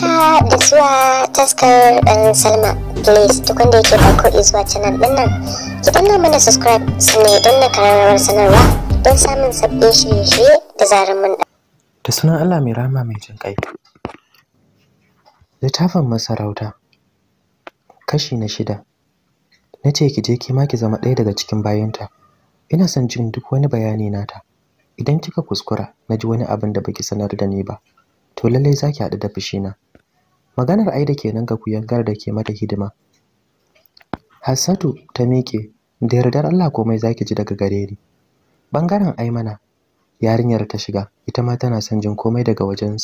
haka ah, da zuwa taskar ɗan um, salma please duk wanda yake farko izuwa canal ɗin nan ki danna mana subscribe sannan don na kararrawar sanarwa don samun sabbin shirye-shirye da zarar mun da da sunan allah mai rama mai jin kai littafin masarauta kashi na shida na ce ki je ki ma ki zama ɗaya daga cikin bayanta ina son jin duk wani bayani nata idan kika kuskura na ji wani abin da baki sanar da ni ba to lallai zaki haɗu da fushina maganar aida kenan ga kuyangar da ke mata hidima hassatu ta miƙe da yardar allah komai zaki ji daga gare ni bangaren aimana yarinyar ta shiga ita ma tana son jin komai daga wajen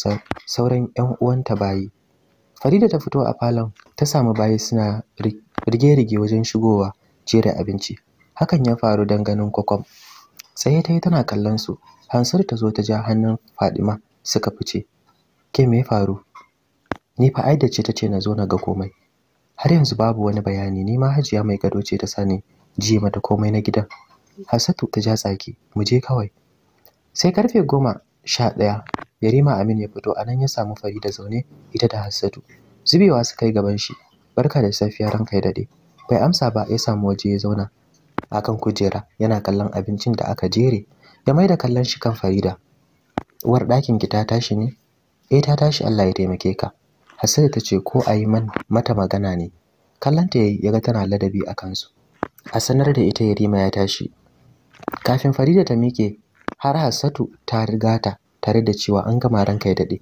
sauran yan uwanta bayi farida ta fito a falon ta samu bayi suna rige-rige wajen shigowa jere abinci hakan ya faru dan ganin kwakwam sai ta yi tana kallon su hansar ta zo ta ja hannun fadima suka fice ke me faru ni fa aida ce tace na zo na ga komai har yanzu babu wani bayani ni ma hajiya mai gado ce ta sani jiya mata komai na gidan Hassatu ta ja tsaki mu je kawai sai karfe goma sha ɗaya Yarima Amin ya fito anan ya samu Farida zaune ita da Hassatu zubewa suka yi gaban shi barka da safiya ranka ya dade bai amsa ba ya samu waje ya zauna akan kujera yana kallon abincin da aka jere ya mai da kallon shi kan Farida uwar ɗakin ki ta tashi ne eh ta tashi Allah ya taimake ka Hassan ta ce ko a yi mata magana ne. Kallanta ya yi ya ga tana ladabi a kansu. A sanar da ita Yarima ya tashi. Kafin Farida ta miƙe har Hassatu ta riga ta tare da cewa an gama ranka ya daɗe.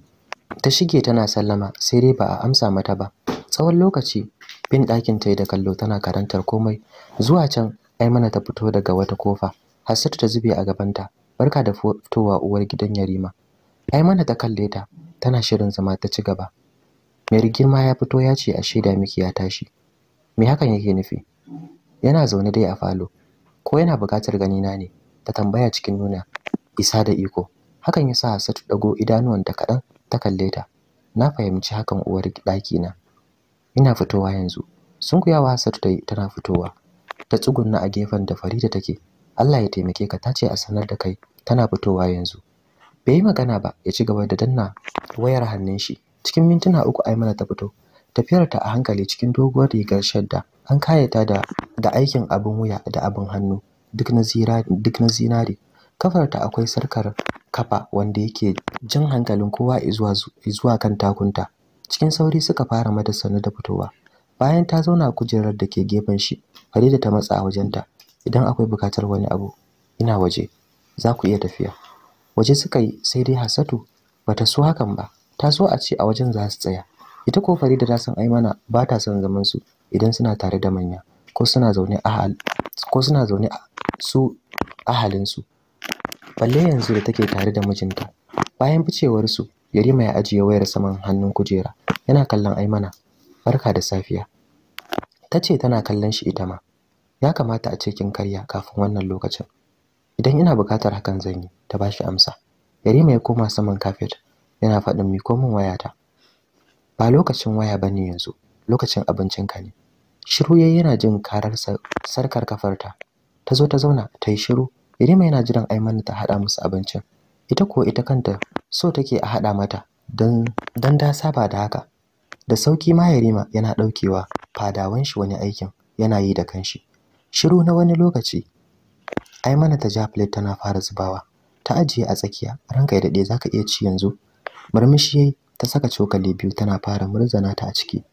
Ta shige tana sallama sai dai ba a amsa mata ba. Tsawon lokaci bin ɗakin ta yi da kallo tana karantar komai. Zuwa can Aimana ta fito daga wata kofa. Hassatu ta zube a gabanta. Barka da fitowa uwar gidan Yarima. Aimana ta kalle ta tana shirin zama ta ci gaba. mai rigima ya fito ya ce ashe da miki ya tashi me hakan yake nufi yana zaune dai a falo ko yana buƙatar ganina ne ta tambaya cikin nuna isa da iko hakan ya sa Hassatu dago idanuwanta kaɗan ta kalle ta na fahimci hakan uwar ɗaki na ina fitowa yanzu sun kuyawa Hassatu ta yi tana fitowa ta tsugunna a gefen da Farida take Allah ya taimake ka tace a sanar da kai tana fitowa yanzu bai yi magana ba ya ci gaba da danna wayar hannun shi cikin mintuna uku a mana ta fito Tafiyarta a hankali cikin doguwar rigar shadda an kayata da da aikin abin wuya da abin hannu duk na duk na zinare kafar akwai sarkar kafa wanda yake jin hankalin kowa zuwa zuwa kan takunta cikin sauri suka fara mata sannu da fitowa bayan ta zauna kujerar da ke gefen shi Farida ta matsa a wajenta idan akwai bukatar wani abu ina waje za ku iya tafiya waje suka yi sai dai Hassatu bata so hakan ba ta so a ce a wajen za su tsaya ita ko Farida ta san Aimana ba ta son zaman su idan suna tare da manya ko suna zaune a ko suna zaune su halin su balle yanzu da take tare da mijinta bayan ficewar su Yarima ya ajiye wayar saman hannun kujera yana kallon Aimana barka da safiya tace tana kallon shi ita ma ya kamata a ce kin karya kafin wannan lokacin idan ina bukatar hakan zan yi ta bashi amsa Yarima ya koma saman kafet yana faɗin miko min wayata ba lokacin waya bane yanzu lokacin abincin ka ne shiru yayi yana jin karar sarkar kafarta ta zo ta zauna ta yi shiru Irima yana jiran Aimanu ta haɗa musu abincin ita ko ita kanta so take a haɗa mata don don da saba da haka da sauki ma Yarima yana ɗaukewa fadawan shi wani aikin yana yi da kanshi shiru na wani lokaci Ai mana ta ja plate tana fara zubawa ta ajiye a tsakiya ranka ya dade zaka iya ci yanzu murmushi ta saka cokali biyu tana fara murzana ta a ciki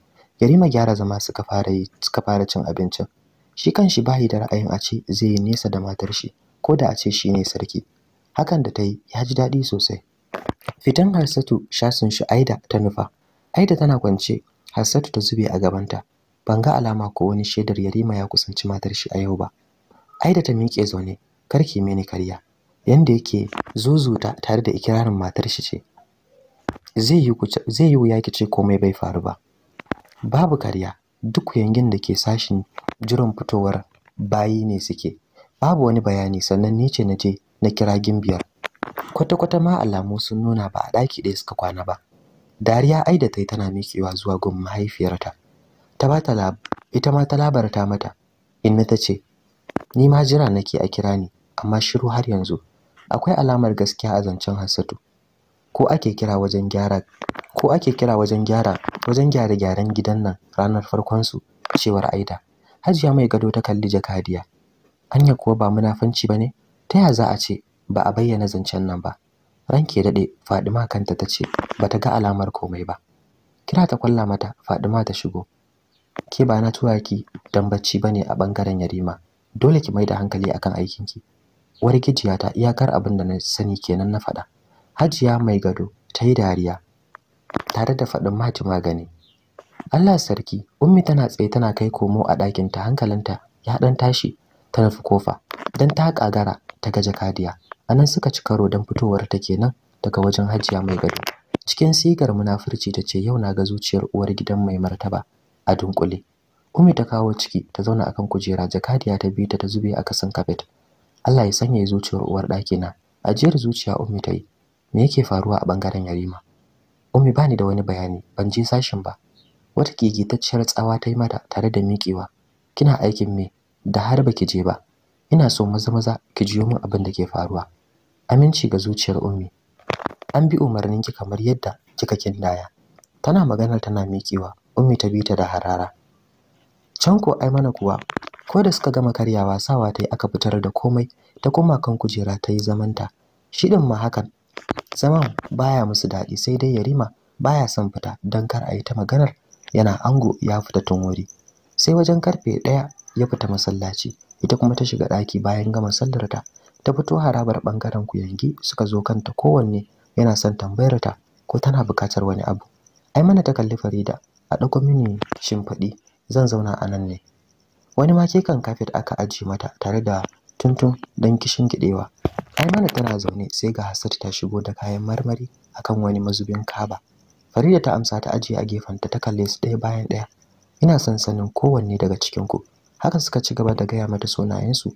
yarima gyara zama suka fara yi suka fara cin abincin shi kanshi bai da ra'ayin a ce zai yi nesa da matar shi ko da a ce shi ne sarki hakan da ta yi ya ji daɗi sosai fitan harsatu shasun shi aida ta nufa aida tana kwance harsatu ta zube a gabanta ban ga alama ko wani shaidar yarima ya kusanci matar shi a yau ba aida ta miƙe zaune karki mini karya yanda yake zuzuta tare da ikirarin matar shi ce zai yi wuya ki ce komai bai faru ba babu karya duk yangin da ke sashin jiran fitowar bayi ne suke babu wani bayani sannan ni ce na je na kira gimbiyar kwata-kwata ma alamu sun nuna ba a ɗaki ɗaya suka kwana ba dariya ai da tai tana mikewa zuwa gun mahaifiyarta ta ba ta ita ma ta labarta mata inna ta ce ni ma jira nake a kira ni amma shiru har yanzu akwai alamar gaskiya a zancen hassatu ko ake kira wajen gyara ko ake kira wajen gyara wajen gyare-gyaren gidan nan ranar farkon su cewar Aida Hajiya mai gado ta kalli jakadiya anya kuwa ba munafanci bane ta ya za a ce ba a bayyana zancen nan ba ranke dade Fadima kanta ta tace bata ga alamar komai ba kira ta kwalla mata Fadima ta shigo ke ba na tura ki dan bacci bane a bangaren Yarima dole ki mai da hankali akan aikinki warkijiya ta iyakar abin da na sani kenan na faɗa hajiya mai gado ta yi dariya tare da faɗin mati magani allah sarki ummi tana tsaye tana kai komo a ɗakin ta hankalinta ya ɗan tashi ta nufi kofa don ta ƙagara ta gaje kadiya a nan suka ci karo don fitowar ta kenan daga wajen hajiya mai gado cikin sigar munafurci ta ce yau na ga zuciyar uwar gidan mai martaba a dunkule Ummi ta kawo ciki ta zauna akan kujera jakadiya ta biyu ta ta zube a kasan kafet. Allah ya sanya zuciyar uwar ɗakina. Ajiyar zuciya Ummi ta yi me yake faruwa a bangaren Yarima Ummi bani da wani bayani ban je sashin ba wata gigitacciyar tsawa ta yi mata tare da miƙewa kina aikin me da har ba ki je ba ina so maza maza ki jiyo min abin da ke faruwa aminci ga zuciyar Ummi an bi umarnin ki kamar yadda kika kindaya tana maganar tana miƙewa Ummi ta bi ta da harara can ko ai mana kuwa ko da suka gama karyawa sawa ta yi aka fitar da komai ta koma kan kujera ta yi zamanta shi din ma hakan zaman baya musu daɗi sai dai yarima baya son fita don kar a yi ta maganar yana ango ya fita tun wuri sai wajen karfe ɗaya ya fita masallaci ita kuma ta shiga ɗaki bayan gama sallar ta ta fito harabar ɓangaren kuyangi suka zo kanta kowanne yana son tambayar ta ko tana buƙatar wani abu ai mana ta kalli farida a ɗauko mini shimfiɗi zan zauna a nan ne wani ma kekan kafet aka ajiye mata tare da tuntun don kishin kiɗewa Aimana tana zaune sai ga Hassatu ta shigo da kayan marmari akan wani mazubin kaba Farida ta amsa ta ajiye a gefenta ta kalle su ɗaya bayan ɗaya ina son sanin kowanne daga cikin ku haka suka ci gaba da gaya mata sunayensu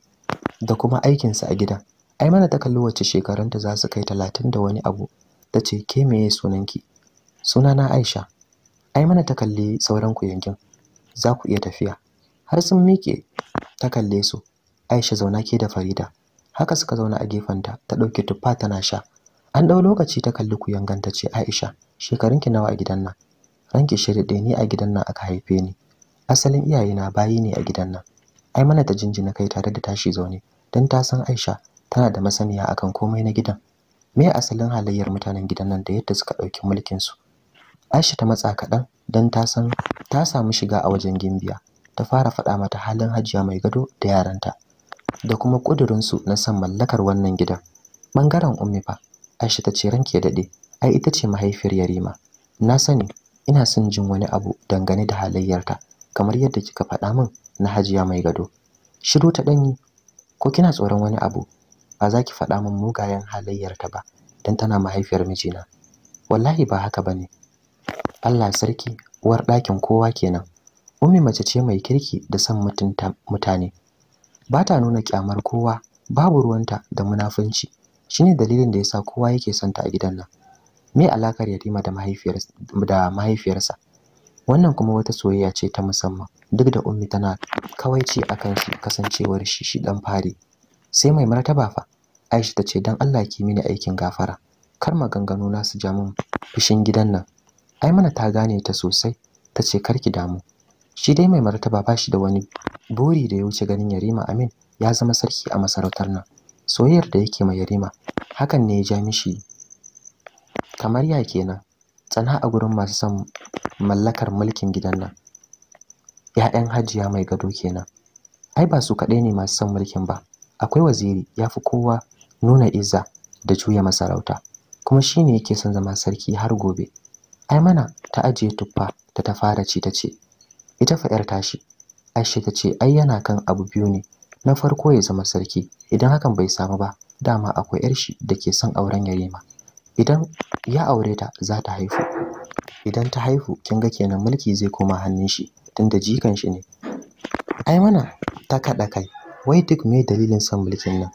da kuma aikinsu a gidan Aimana ta kalli wacce shekarunta za su kai talatin da wani abu ta ce ke meye sunanki sunana Aisha Aimana ta kalli sauran ku yankin za ku iya tafiya har sun miƙe ta kalle su Aisha zauna ke da Farida haka suka zauna a gefen ta dauke tuffa tana sha an dau lokaci ta kalli ku ta ce Aisha shekarunki nawa a gidan nan ranki da ni a gidan nan aka haife ni asalin iyaye na bayi ne a gidan nan ai mana ta jinjina kai tare da tashi zaune dan ta san Aisha tana da masaniya akan komai na gidan me asalin halayyar mutanen gidan nan da yadda suka dauki mulkin su Aisha ta matsa kaɗan dan ta san ta samu shiga a wajen Gimbiya ta fara faɗa mata halin hajiya mai gado da yaranta da kuma su na san mallakar wannan gidan ɓangaren ummi fa aisha ta ce ranke daɗe ai ita ce mahaifiyar yarima na sani ina son jin wani abu dangane da halayyarta kamar yadda kika faɗa min na hajiya mai gado shiru ta ɗanyi ko kina tsoron wani abu ba za ki faɗa min mugayen halayyarta ba dan tana mahaifiyar mijina wallahi ba haka bane allah sarki uwar ɗakin kowa kenan ummi mace ce mai kirki da son mutunta mutane ba ta nuna kyamar kowa babu ruwanta da munafunci shine dalilin da ya sa kowa yake son ta a gidan nan me alakar Yarima da da mahaifiyarsa wannan kuma wata soyayya ce ta musamman duk da ummi tana kawai kawaici akan shi kasancewar shi shi dan fari sai mai martaba fa Aisha ta ce dan Allah ki mini aikin gafara kar maganganu na su ja min fushin gidan nan ai mana ta gane ta sosai ta ce kar ki damu shi dai mai martaba ba shi da wani buri da ya wuce ganin Yarima Amin ya zama sarki a masarautar nan soyayyar da yake ma Yarima hakan ne ya ja mishi kamar ya kenan tsana a gurin masu son mallakar mulkin gidan nan Ya'yan Hajiya mai gado kenan ai ba su kaɗai ne masu son mulkin ba akwai waziri ya fi kowa nuna izza da juya masarauta kuma shi ne yake son zama sarki har gobe ai mana ta ajiye tuffa da ta fara ci ta ce ita fa 'yar tashi Aisha ta ce ai yana kan abu biyu ne na farko ya zama sarki idan hakan bai samu ba dama akwai yar shi dake son auren Yarima idan ya aure ta za ta haihu idan ta haihu kin ga kenan mulki zai koma hannun shi tunda jikan shi ne ai mana ta kada kai wai duk me dalilin son mulkin nan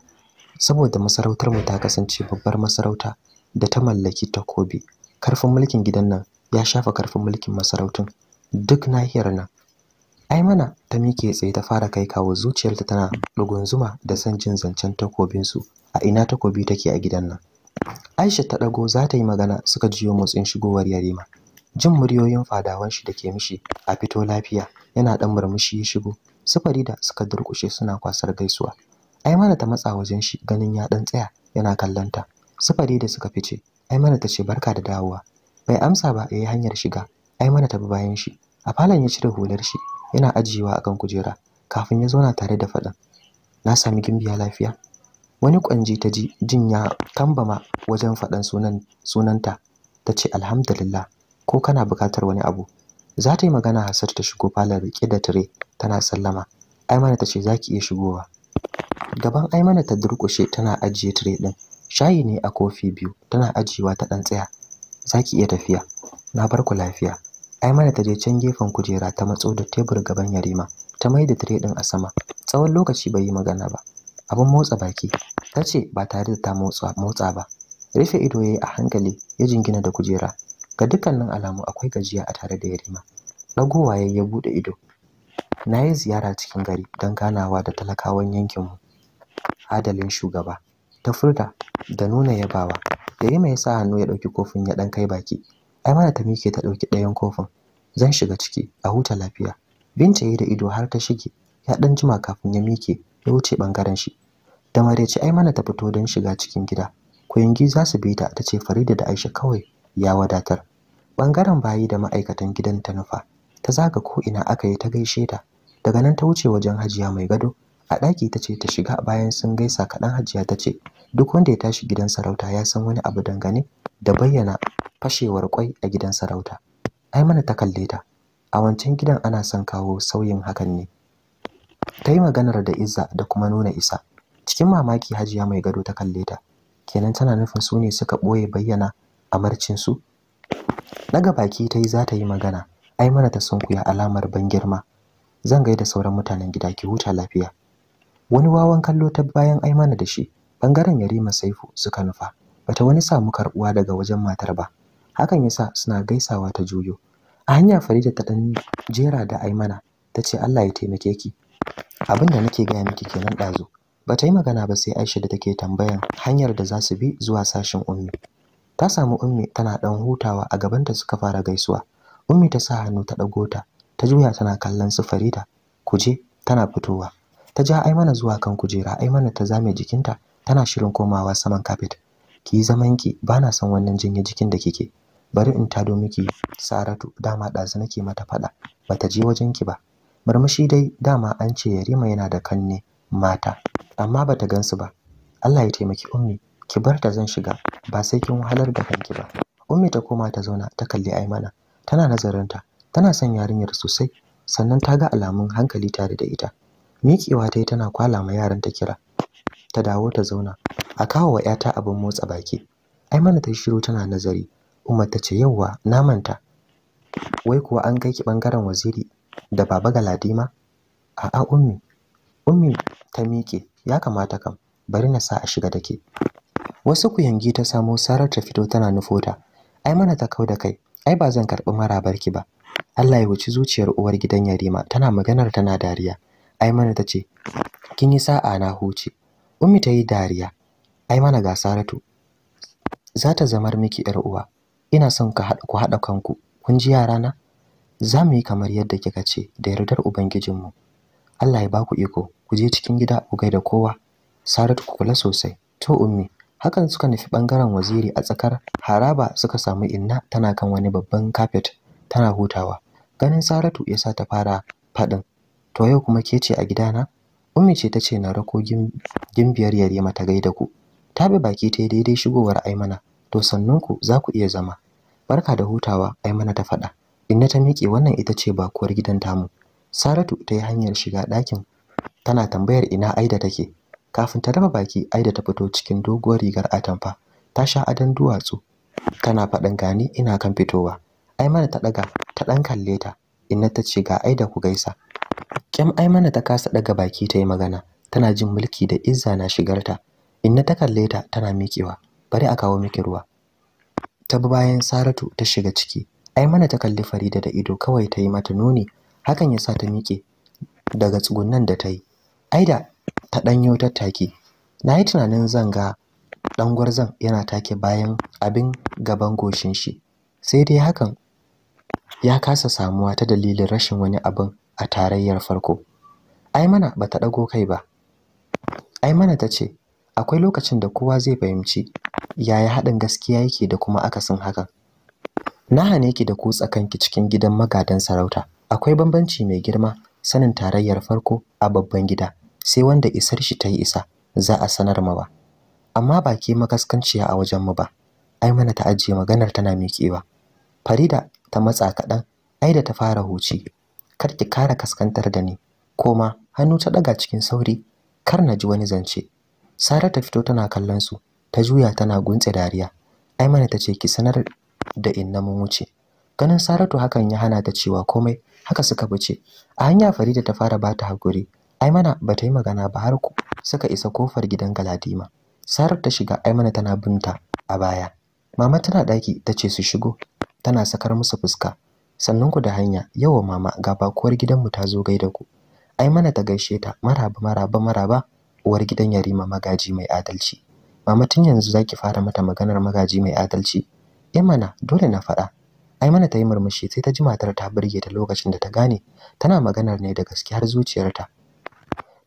saboda masarautar mu ta kasance babbar masarauta da ta mallaki takobi karfin mulkin gidan nan ya shafa karfin mulkin masarautun duk nahiyar nan ai mana ta mike tsaye ta fara kai kawo zuciyarta tana zuma da san jin zancen takobin su a ina takobi take a gidan nan. Aisha ta ɗago za ta yi magana suka jiyo motsin shigowar Yarima. Jin muryoyin fadawan shi da ke mishi a fito lafiya yana ɗan murmushi ya shigo. Su Farida suka durƙushe suna kwasar gaisuwa. mana ta matsa wajen shi ganin ya dan tsaya yana kallon ta. Su Farida suka fice. mana ta ce barka da dawowa. Bai amsa ba yayi hanyar shiga. mana ta bi bayan shi. a falon ya cire hular shi yana ajiyewa akan kujera kafin ya zauna tare da faɗin na sami gimbiya lafiya wani kwanje ta ji jin ya tambama wajen faɗan sunan sunanta ta ce alhamdulillah ko kana bukatar wani abu za ta yi magana hasar ta shigo falon rike da tire tana sallama aimana ta ce za ki iya shigowa gaban aimana ta durƙushe tana ajiye tire ɗin shayi ne a kofi biyu tana ajiyewa ta ɗan tsaya za ki iya tafiya na barku lafiya ai mana ta je can gefen kujera ta matso da tebur gaban yarima ta mai da tire din a sama tsawon lokaci bai yi magana ba abin motsa baki ta ce ba tare da ta motsa motsa ba rufe ido ya a hankali ya jingina da kujera ga dukkanin alamu akwai gajiya a tare da yarima ɗagowa ya ya bude ido na yi ziyara cikin gari don ganawa da talakawan yankinmu adalin shugaba ta furta da nuna yabawa yarima ya sa hannu ya ɗauki kofin ya ɗan kai baki ai mara ta mike ta ɗauki ɗayan kofin zan shiga ciki a huta lafiya binta yi da ido har ta shige ya ɗan jima kafin ya mike ya wuce ɓangaren shi da maraice ai mana ta fito don shiga cikin gida kuyangi za su bi ta ta ce farida da aisha kawai ya wadatar bangaren bayi da ma'aikatan gidan ta nufa ta zaga ko ina aka yi ta gaishe ta daga nan ta wuce wajen hajiya mai gado a ɗaki ta ce ta shiga bayan sun gaisa kaɗan hajiya ta ce duk wanda ya tashi gidan sarauta ya san wani abu dangane da bayyana fashewar kwai a gidan sarauta ai mana ta kalle ta a wancan gidan ana son kawo sauyin hakan ne ta yi maganar da izza da kuma nuna isa cikin mamaki hajiya mai gado ta kalle ta kenan tana nufin su ne suka ɓoye bayyana amarcinsu daga baki ta yi za ta yi magana ai mana ta sunkuya alamar ban girma zan gaida sauran mutanen gida ki huta lafiya wani wawan kallo ta bayan ai mana da shi ɓangaren yarima saifu suka nufa bata wani samu karɓuwa daga wajen matar ba hakan ya sa suna gaisawa ta juyo a hanya farida ta dan jera da aimana ta ce allah ya taimake ki Abinda da nake gaya miki kenan ɗazu ba ta yi magana ba sai aisha da take tambayan hanyar da za su bi zuwa sashin ummi ta samu ummi tana dan hutawa a gabanta suka fara gaisuwa ummi ta sa hannu ta ɗago ta ta juya tana kallon su farida kuje tana fitowa ta ja aimana zuwa kan kujera aimana ta zame jikinta tana shirin komawa saman kafet ki yi zaman ki bana san wannan jinya jikin da kike bari in tado miki Saratu dama ɗazu nake mata faɗa bata je wajen ki ba murmushi dai dama an ce Yarima yana da kanne mata amma bata gansu ba Allah ya taimaki ummi ki bar ta zan shiga ba sai kin wahalar da kanki ba ummi ta koma ta zauna ta kalli Aimana tana nazarin ta tana son yarinyar sosai sannan ta ga alamun hankali tare da ita miƙewa ta yi tana kwala ma yaran ta kira ta dawo ta zauna a kawo wa 'yata abin motsa baki Aimana ta shiru tana nazari Umatace ta ce yauwa na manta. Wai kuwa an kai ki ɓangaren waziri da baba Ladima? A'a ummi. Ummi ta miƙe ya kamata kam bari na sa a shiga da ke. Wasu kuyangi ta samo sarar ta fito tana nufo ta. Ai mana ta kau da kai, ai ba zan karɓi marabarki ba. Allah ya wuci zuciyar uwar gidan Yarima tana maganar tana dariya. Ai mana ta ce, kin yi sa'a na huce. Ummi ta yi dariya. Ai mana ga Saratu. Za ta zamar miki 'yar uwa. ina son ku haɗa kanku kun ji yara na za mu yi kamar yadda kika ce da yardar ubangijinmu Allah ya ba ku iko ku je cikin gida ku gaida kowa Saratu ku kula sosai to ummi hakan suka nufi bangaren waziri a tsakar haraba suka samu inna tana kan wani babban kafet tana hutawa ganin saratu ya sa ta fara faɗin to yau kuma ke ce a gidana ummi ce ta ce na rako gimbiyar yare mata gaida ku ta bi baki ta daidai shigowar aimana to sannunku za ku iya zama barka da hutawa ai mana ta faɗa inna ta miƙe wannan ita ce bakuwar gidan tamu saratu ta yi hanyar shiga ɗakin tana tambayar ina aida take kafin ta raba baki aida ta fito cikin doguwar rigar atamfa ta sha adon duwatsu tana faɗin gani ina kan fitowa mana ta ɗaga ta ɗan kalle ta inna ta ce ga aida ku gaisa kyam ai mana ta kasa ɗaga baki ta yi magana tana jin mulki da izza na shigarta inna ta kalle ta tana miƙewa bari a kawo miki ruwa ta bi bayan Saratu ta shiga ciki. Ai mana ta kalli Farida da ido kawai ta yi mata nuni, hakan ya sa ta miƙe daga tsugunnan da ta yi. Ai da ta ɗanyo tattaki. Na yi tunanin zan ga ɗan gwarzon yana take bayan abin gaban goshin shi. Sai dai hakan ya kasa samuwa ta dalilin rashin wani abin a tarayyar farko. Ai mana ba ta ɗago kai ba. Ai mana ta ce, akwai lokacin da kowa zai fahimci yaya haɗin gaskiya yake da kuma akasin hakan na hane ki da ku tsakanki cikin gidan magadan sarauta akwai bambanci mai girma sanin tarayyar farko a babban gida sai wanda isar shi ta yi isa za a sanar mawa amma ba ke makaskanciya a wajen mu ba ai mana ta ajiye maganar tana miƙewa farida ta matsa kaɗan ai da ta fara huci kar ki kara kaskantar da ni koma hannu ta ɗaga cikin sauri kar na ji wani zance sara ta fito tana kallon su ta juya tana guntse dariya mana ta ce ki sanar da inna mun wuce ganin saratu hakan ya hana ta cewa komai haka suka bace a hanya farida ta fara bata hakuri ba bata yi magana ba har suka isa kofar gidan galadima Saratu ta shiga ai mana tana binta a baya mama tana daki ta ce su shigo tana sakar musu fuska sannan ku da hanya yawa mama ga bakuwar mu ta zo gaida ku Ai mana ta gaishe ta maraba maraba maraba uwar gidan yarima magaji mai adalci mama tun yanzu zaki fara mata maganar magaji mai adalci eh mana dole na faɗa ai mana ta yi murmushi sai ta ji matar ta burge ta lokacin da ta gane tana maganar ne da gaskiyar har zuciyarta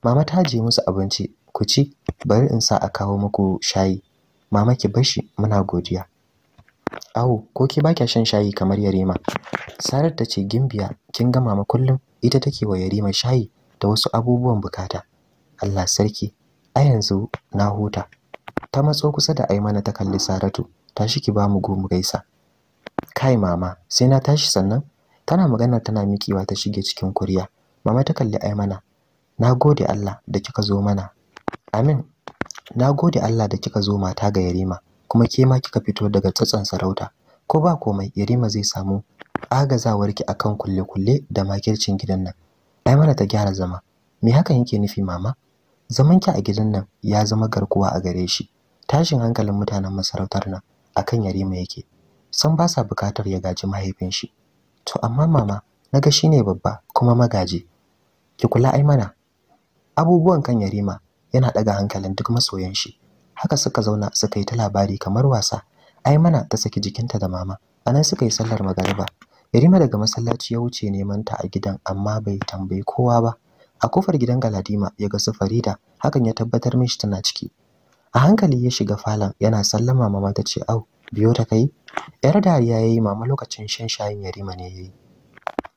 mama ta je musu abinci ku ci bari in sa a kawo muku shayi mama ki bashi muna godiya awo ko ki ba kya shan shayi kamar yarima sarar ta ce gimbiya kin ga mama kullum ita take wa yarima shayi da wasu abubuwan bukata Allah sarki a yanzu na huta ta matso kusa da Aimana ta kalli Saratu tashi ki bamu go mu gaisa kai mama sai na tashi sannan tana magana tana mikiwa ta shige cikin kuriya mama ta kalli Aimana nagode Allah da kika zo mana amin nagode Allah da kika zo mata ga Yarima kuma ke ma kika fito daga tsatsan sarauta ko ba komai Yarima zai samu agazawarki akan kulle-kulle da makircin gidan nan Aimana ta gyara zama me hakan yake nufi mama Zaman zamanki a gidan nan ya zama garkuwa a gare shi tashin hankalin mutanen masarautar nan akan yarima yake san ba sa bukatar ya gaji mahaifin shi to amma mama naga shine babba kuma magaji ki kula ai mana abubuwan kan yarima yana daga hankalin duk masoyan shi haka suka zauna suka yi ta labari kamar wasa ai mana ta saki jikinta da mama anan suka yi sallar magariba yarima daga masallaci ya wuce neman ta a gidan amma bai tambayi kowa ba a kofar gidan galadima ya ga su farida hakan ya tabbatar mishi tana ciki a hankali ya shiga falon yana sallama mama ta ce au biyo ta kai yar dariya yayi mama lokacin shan shayin yarima ne yayi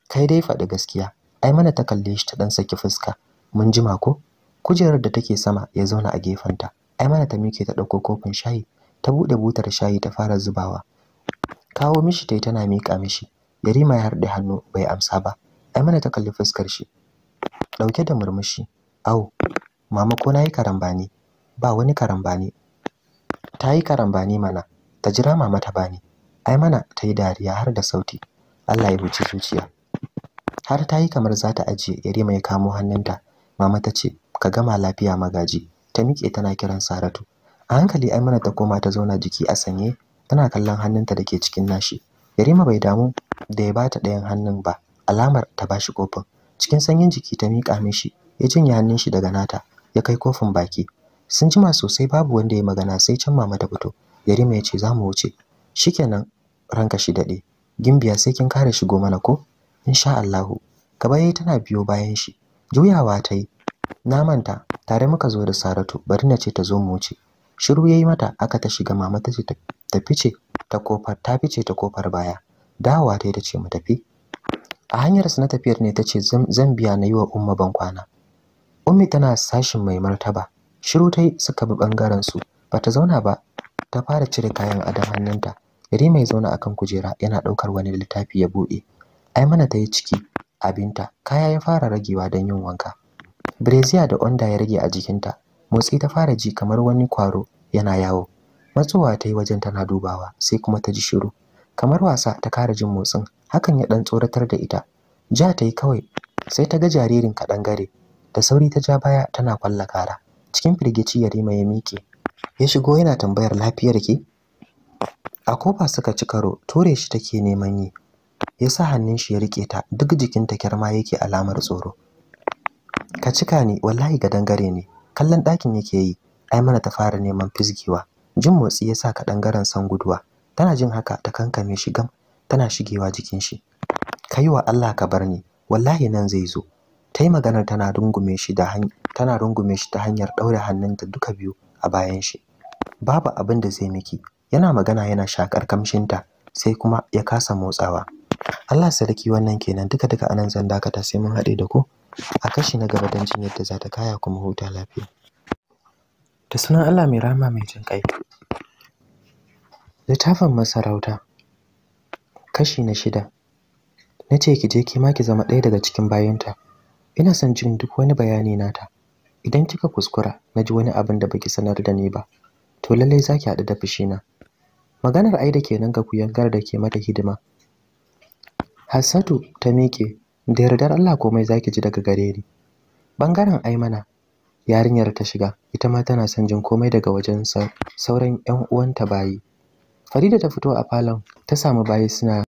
kai dai faɗi gaskiya ai mana ta kalle shi ta ɗan saki fuska mun jima ko kujerar da take sama ya zauna a gefenta ai mana ta miƙe ta ɗauko kofin shayi ta buɗe butar shayi ta fara zubawa kawo mishi tai tana miƙa mishi yarima ya harɗe hannu bai amsa ba ai mana ta kalli fuskar shi ɗauke da murmushi au mama ko na yi karambani ba wani karambani ta yi karambani mana ta jira mama ta bani ai mana ta yi dariya har da sauti Allah ya huce zuciya har ta yi kamar za ta ajiye yare mai kamo hannunta mama ta ce ka gama lafiya magaji ta miƙe tana kiran saratu a hankali ai mana ta koma ta zauna jiki a sanye tana kallon hannunta da ke cikin nashi yarima bai damu da ya bata ɗayan hannun ba alamar ta bashi kofin cikin sanyin jiki ta miƙa mishi ya janye hannun shi daga nata ya kai kofin baki sun jima sosai babu wanda ya magana sai can mama ta fito yarima ya ce za mu wuce shikenan ranka shi daɗe gimbiya sai kin kare shigo mana ko insha Allahu gaba yayi tana biyo bayan shi juyawa ta yi na manta tare muka zo da Saratu bari na ce ta zo mu wuce shiru yayi mata aka ta shiga mama ta ce ta fice ta kofar ta fice ta kofar baya dawowa ta yi ta ce mu tafi a hanyar hanyarsa na tafiyar ne ta ce zan biya na yi wa umma bankwana ummi tana sashin mai martaba shiru ta suka bi ɓangaren su ta zauna ba ta fara cire kayan adon hannunta yari mai zauna akan kujera yana ɗaukar wani littafi ya buɗe. ai mana ta yi ciki abinta kaya ya fara ragewa don yin wanka brezia da onda ya rage a jikinta motsi ta fara ji kamar wani kwaro yana yawo matsowa ta yi wajen tana dubawa sai kuma ta ji shiru kamar wasa ta kara jin motsin hakan ya dan tsoratar da ita ja ta yi kawai sai ta ga jaririn kaɗangare, da sauri ta ja baya tana kwalla kara cikin firgici yarima ya miƙe ya shigo yana tambayar lafiyar ki a kofa suka ci karo tore shi take neman yi ya sa hannun shi ya rike ta duk jikin jikinta kyarma yake alamar tsoro ka cika ni wallahi ga dangare ne kallon ɗakin yake yi ai mana ta fara neman fisgewa jin motsi ya sa ka dangaren san guduwa tana jin haka ta kankame shi gam tana shigewa jikin shi kai wa Allah ka bar ni wallahi nan zai zo ta maganar tana rungume shi da tana rungume shi ta hanyar ɗaure hannunta duka biyu a bayan shi babu abin da zai miki yana magana yana shakar kamshinta sai kuma ya kasa motsawa Allah sarki wannan kenan duka duka anan zan dakata sai mun haɗe da ku a kashi na gaba don jin yadda za ta kaya kuma huta lafiya da sunan Allah mai rama mai jin ƙai littafin masarauta kashi na shida na ce ki je kima ki zama ɗaya daga cikin bayanta ina son jin duk wani bayani nata idan kika kuskura na ji wani abin da baki sanar da ni ba to lallai za ki haɗu da fushi na. maganar ai da kenan ga yankar da ke mata hidima hassatu ta miƙe da yardar allah komai za ki ji daga gare ni ɓangaren mana. yarinyar ta shiga ita ma tana son jin komai daga wajen sauran 'yan uwanta bayi Farida ta fito a falon ta samu bayi suna